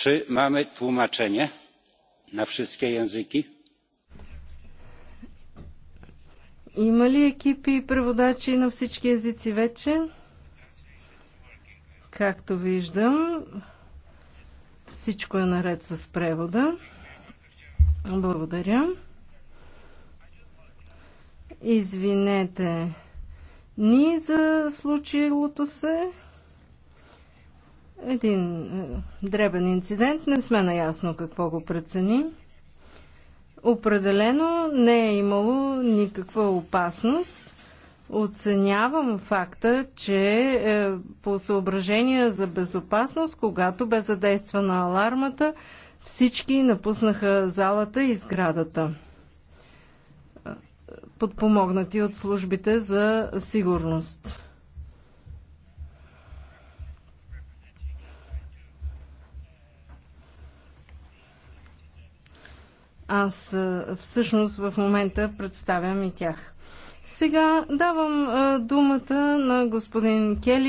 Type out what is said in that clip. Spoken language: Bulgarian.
Czy mamy tłumaczenie na wszystkie języki? Има ли екипи и преводачи на всички езици вече? Както виждам, всичко е наред с превода. Благодаря. Извинете ни за случилото се. Един е, дребен инцидент, не сме наясно какво го прецени. Определено не е имало никаква опасност. Оценявам факта, че е, по съображения за безопасност, когато бе задействана алармата, всички напуснаха залата и сградата, е, подпомогнати от службите за сигурност. Аз всъщност в момента представям и тях. Сега давам думата на господин Кели.